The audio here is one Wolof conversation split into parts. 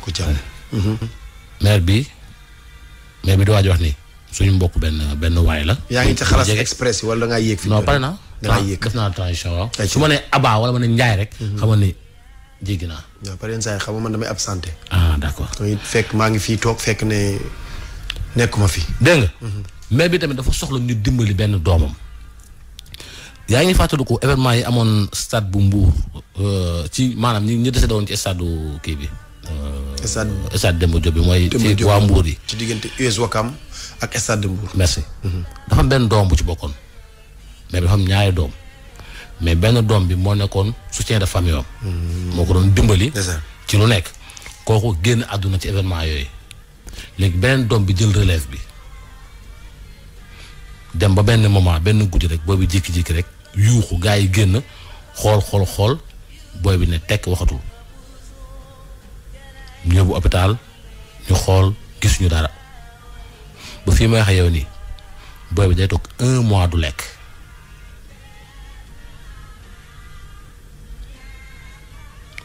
Koutiang. maire bi maire bi di waaj wax ni suñu mbokk benn benn waay la. yaa ngi ci xalaas express wala ngaa yéeg. fi non pare naa danaa yéeg def naa transition waaw. su ma nee Aba wala ma ne Ndiaye rek. Mhm. xamoon ni jéggi naa. waaw pare yenn saa yi xam nga man damay absenté. ah fekk maa ngi fii toog fekk ne nekkuma fi. dégg nga. Mhm. maire bi tamit dafa soxla ñu dimbali benn doomam. yaa ngi fàttaliku événement yi amoon stade bu Mbour euh, ci maanaam ñi ñu dese doon ci stade kii bi. stade stade Demba bi mooy. ci waa Mbour yi ci diggante US Wakam ak stade de Mbour. merci mhm. dafa benn doom bu ci bokkoon mais dafa am ñaari doom mais benn doom bi moo nekkoon soutien de famille am. Mhm. moo ko doon dimbali. ci lu nekk kooku génn àdduna ci événement yooyu léegi beneen doom bi jël relève bi dem ba benn moment benn guddi rek booy bi jékki-jékki rek yuuxu gars yi génn xool xool xool booy bi ne tekk waxatul. ñu yóbbu hôpital ñu xool gisuñu dara bu fii may wax yow nii booy bi day toog un mois du lekk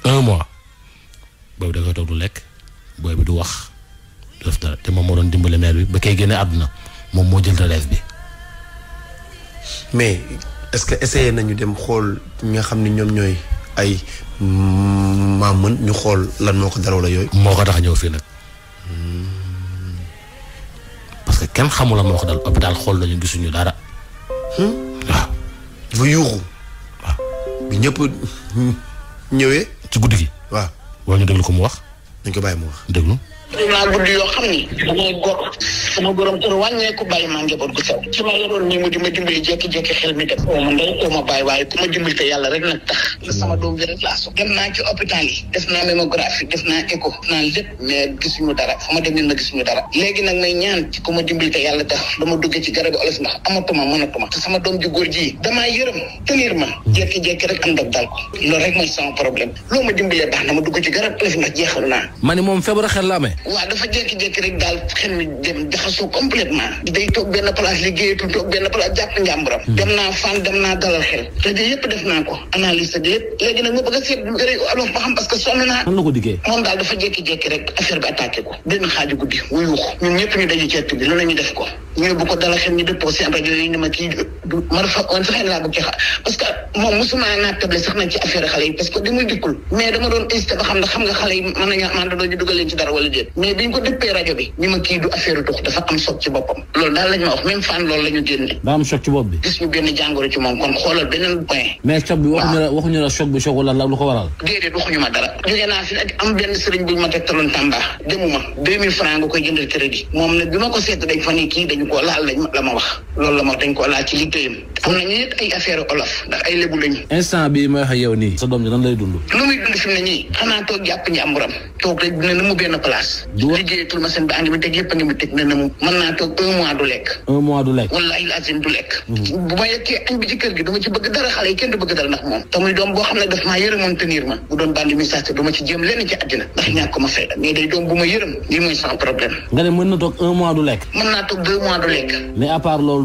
un mois booy bi da koy du lekk booy bi du wax du def dara te moom moo doon dimbale mère bi ba kay génne àdduna moom moo jël relève bi. mais est-ce que essayé nañu dem xool nga xam ne ñoom ñooy ay. moom maa mën ñu xool lan moo ko dara wala yooyu. moo ko tax ñëw fii nag. parce que kenn xamul la moo ko dal hôpital xool nañu gisuñu dara. Hmm? waaw. dafa yuuxu. waaw ñëpp ñëwee. ci guddi gi. waaw wala ñu déglu ko mu wax. dañ ko bàyyi mu wax déglu. dañu laa gudd yoo xam ni. sama borom kër wàññeeku bàyyi maa njaboot gu sew su ma yoroon nii mu di ma dimbali jékki-jékki xel mi dem ooma ndey ooma bàyyi waaye ku ma dimbali te tax mm. bi rek laa so ma dem nen ma gisuñu dara léegi nag may ñaan ci ku ma dimbali te yàlla tax dama duggee ci garabi olof mm. loo ma dimbalee baax na ma dugg ci garab olof ndax jeexalu naa ma ni moom feebaru xel la amee waaw dafa jékki-jékki rek daal xel mi dem jaxasoo complètement day toog benn place liggéeyatul toog benn place jàpp njàmburam hmm. dem naa fan dem naa dalal xel rajo yëpp def naa ko analyse bi yëpp léegi nag ma bëgg a seet rëy ba xam parce que sonn naa nan la ko diggee moom daal dafa jékki-jékki rek affaire bi attaqué ko benn xaaju guddi wuyu ko ñun ñëpp ñu daje ceet bi lu nañu def ko ñu bu ko dala xel ñu déposé après yooyu ne ma kii du man fa man fexeen laa bëgg xal parce que moom musuma naatable sax na ci affaire xale yi parce que damay dikkul mais dama doon hésité ba xam ne xam nga xale yi mën nañu man da doon dugal leen ci dara wala déet mais biñ ko dëppee rajo bi ñu ma kii du affaire dox dafa am soog ci boppam loolu daal lañ ma wax même fan loolu la ñu génne ba am soog ci bopp bi gis ñu benn jàngoro ci moom kon xoolal beneen point mais soog bi waxuñu la la bi wala lu ko waral déedéet waxuñu ma dara am benn sëriñ ma demuma 2000 francs jëndal crédit ko seet dañ fa ne dañ ko laal lañ la ma wax loolu la ma dañ ko laaj ci liggéeyam am nañu it ay affaire olof ndax ay lébu lañu instant bi may wax yow nii sa doom ji nan lay dund lu muy dund fi ne nii xanaa toog jàpp ñi amuram toog rek dina mu benn place liggéeyatul ma seen ba angi mi teg yëpp angi mi teg dina mu mën naa toog un mois du lekk un mois du lekk du lekk bu ma yekkee añ bi ci kër gi ci bëgg dara xale yi kenn du bëgg dara ndax moom te muy doom boo xam ne daf maa tenir ma bu doon bandi du ma ci lenn ci àddina ndax ko ma fay mais day doom bu ma yërëm lii mooy problème nga ne mën na toog un mois du lekk mën naa toog deux mois du lekk mais à part loolu